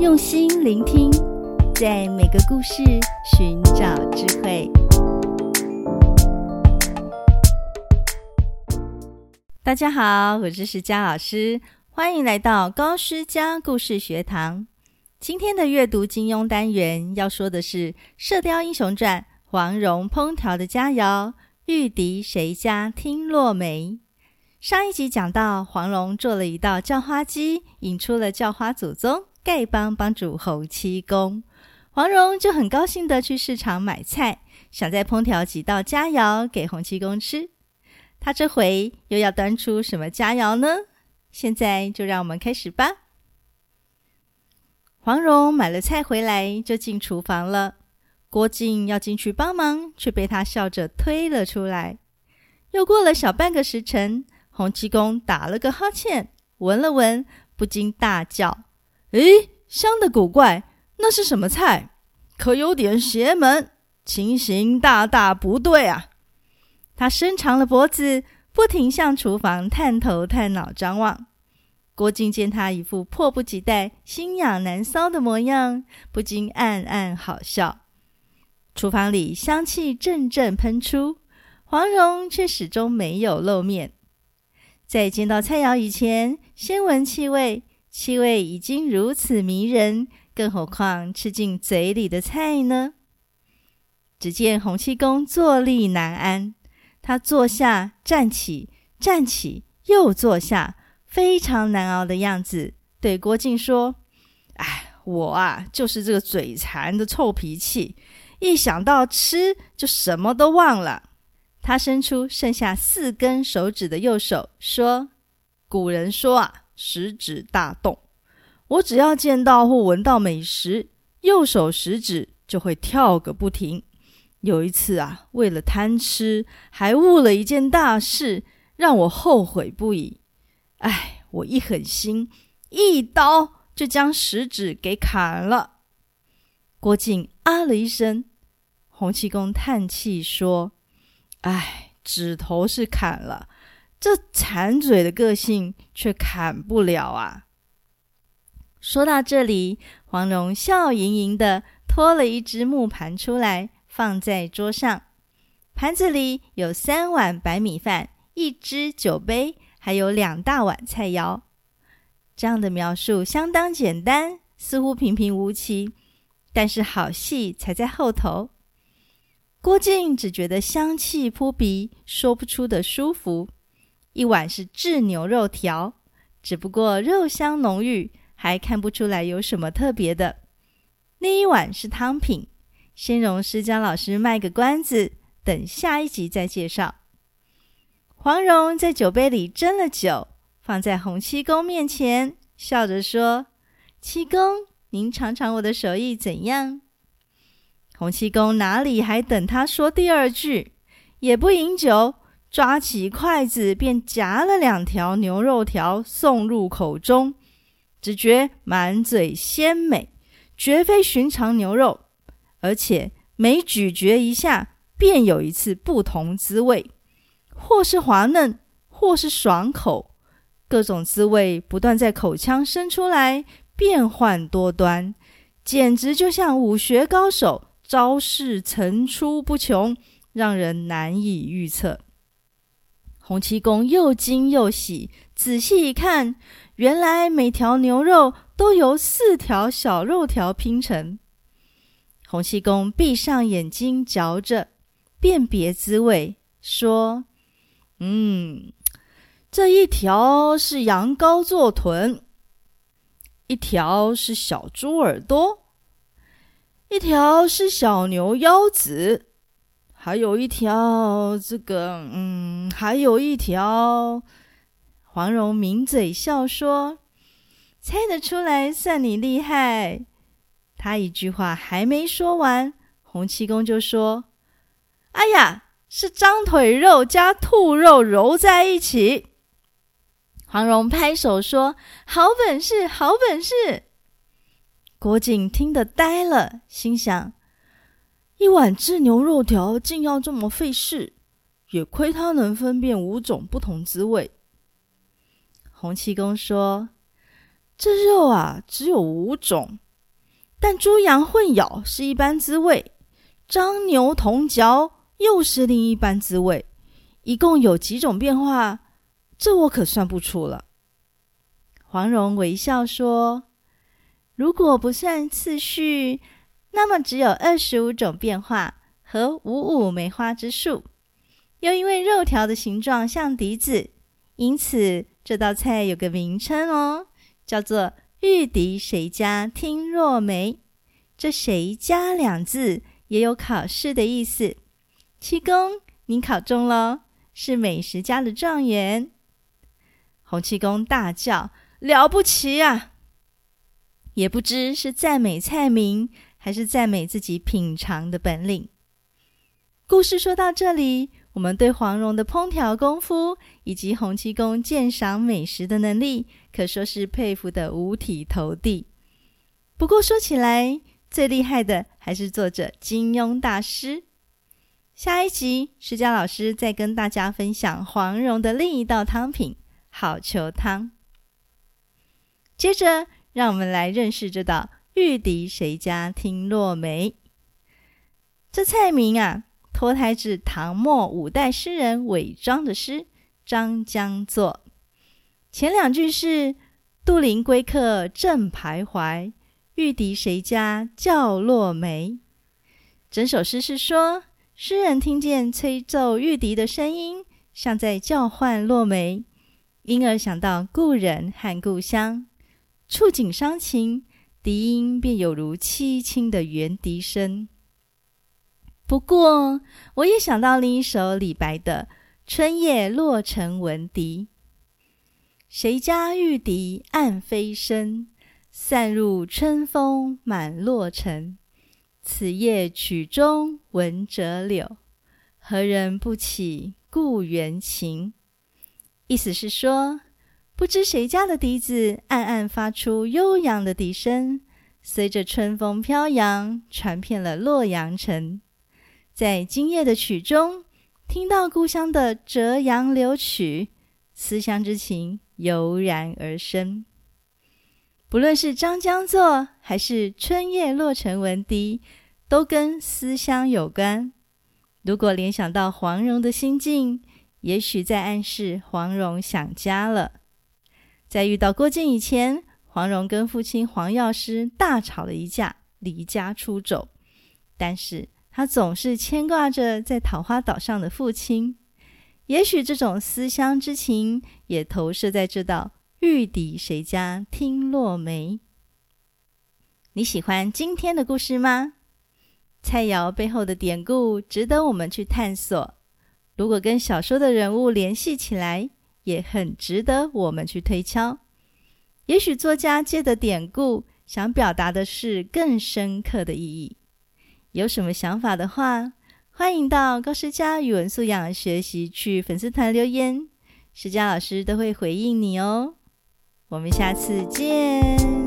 用心聆聽，在每個故事尋找智慧。大家好，我是詩佳老師，歡迎來到高詩佳故事學堂。今天的閱讀金庸單元要說的是《射鵰英雄傳》，黃蓉烹調的佳餚，玉笛誰家聽落梅。上一集講到黃蓉做了一道叫花雞，引出了叫花祖宗。丐幫幫主洪七公，黃蓉就很高興地去市場買菜，想再烹調幾道佳肴給洪七公吃。她這回又要端出什麼佳肴呢？現在就讓我們開始吧。黃蓉買了菜回來，就進廚房了。郭靖要進去幫忙，卻被她笑着推了出來。又過了小半個時辰，洪七公打了個哈欠，聞了聞，不禁大叫。哎，香的古怪，那是什麼菜？可有點邪門，情形大大不對啊！他伸長了脖子，不停向廚房探頭探腦張望。郭靖見他一副迫不及待、心癢難搔的模樣，不禁暗暗好笑。廚房裡香氣陣陣噴出，黃蓉卻始終沒有露面。在見到菜餚以前，先聞氣味。氣味已經如此迷人，更何況吃進嘴裡的菜呢？只見洪七公坐立難安，他坐下，站起，站起，又坐下，非常難熬的樣子。對郭靖說：“唉，我啊，就是這個嘴饞的臭脾氣，一想到吃就什麼都忘了。”他伸出剩下四根手指的右手說：“古人說啊。”食指大動，我只要見到或聞到美食，右手食指就會跳個不停。有一次啊，為了貪吃，還誤了一件大事，讓我後悔不已。唉，我一狠心，一刀就將食指給砍了。郭靖啊了一聲，洪七公嘆氣說：“唉，指頭是砍了。”這饞嘴的個性卻砍不了啊！說到這裡，黃蓉笑盈盈地托了一只木盤出來，放在桌上。盤子裡有三碗白米飯，一只酒杯，還有兩大碗菜肴。這樣的描述相當簡單，似乎平平無奇，但是好戲才在後頭。郭靖只覺得香氣撲鼻，說不出的舒服。一碗是炙牛肉條，只不過肉香濃郁，還看不出來有什麼特別的。那一碗是湯品，先容師江老師賣個關子，等下一集再介紹。黃蓉在酒杯裡斟了酒，放在洪七公面前，笑着說：“七公，您嚐嚐我的手藝怎樣？”洪七公哪裡還等他說第二句，也不飲酒。抓起筷子便夾了兩條牛肉條送入口中，只覺滿嘴鮮美，絕非尋常牛肉。而且每咀嚼一下，便有一次不同滋味，或是滑嫩，或是爽口，各種滋味不斷在口腔生出來，變幻多端，簡直就像武學高手，招式層出不窮，讓人難以預測。洪七公又驚又喜，仔細一看，原來每條牛肉都由四條小肉條拼成。洪七公閉上眼睛嚼着，辨別滋味，說：“嗯，這一條是羊羔坐臀，一條是小豬耳朵，一條是小牛腰子。”還有一條，這個嗯，還有一條。黃蓉抿嘴笑說：“猜得出來，算你厲害。”她一句話還沒說完，洪七公就說：“哎呀，是獐腿肉加兔肉揉在一起。”黃蓉拍手說：“好本事，好本事！”郭靖聽得呆了，心想。一碗炙牛肉條竟要這麼費事，也虧他能分辨五種不同滋味。洪七公說：“這肉啊，只有五種，但豬羊混咬是一般滋味，獐牛同嚼又是另一般滋味，一共有幾種變化，這我可算不出了。”黃蓉微笑說：“如果不算次序。”那麼只有二十五種變化，和五五梅花之數，又因為肉條的形狀像笛子，因此這道菜有個名稱哦，叫做“玉笛誰家聽落梅”。這“誰家”兩字也有考試的意思。七公，您考中了，是美食家的狀元。洪七公大叫：“了不起啊！”也不知是讚美菜名。還是讚美自己品嘗的本領。故事說到這裡，我們對黃蓉的烹調功夫以及洪七公鑑賞美食的能力，可說是佩服得五體投地。不過說起來，最厲害的還是作者金庸大師。下一集，施佳老師再跟大家分享黃蓉的另一道湯品——好逑湯。接着，讓我們來認識這道。玉笛誰家聽落梅？這菜名啊，脫胎自唐末五代詩人韋莊的詩《章江作》。前兩句是“杜陵歸客正徘徊，玉笛誰家叫落梅”。整首詩是說，詩人聽見吹奏玉笛的聲音，像在叫喚落梅，因而想到故人和故鄉，觸景傷情。笛音便有如淒清的圓笛聲。不過，我也想到另一首李白的《春夜洛城聞笛》：“誰家玉笛暗飛聲，散入春風滿洛城。此夜曲中聞折柳，何人不起故園情？”意思是說。不知誰家的笛子暗暗發出悠揚的笛聲，隨着春風飄揚，傳遍了洛陽城。在今夜的曲中，聽到故鄉的《折楊柳》曲，思鄉之情油然而生。不論是章江作，還是春夜洛城聞笛，都跟思鄉有關。如果聯想到黃蓉的心境，也許在暗示黃蓉想家了。在遇到郭靖以前，黃蓉跟父親黃藥師大吵了一架，離家出走。但是她總是牽掛着在桃花島上的父親，也許這種思鄉之情也投射在這道“玉笛誰家聽落梅”。你喜歡今天的故事嗎？菜餚背後的典故值得我們去探索。如果跟小說的人物聯繫起來，也很值得我們去推敲。也許作家借的典故，想表達的是更深刻的意義。有什麼想法的話，歡迎到高詩佳語文素養學習去粉絲團留言，詩佳老師都會回應你哦。我們下次見。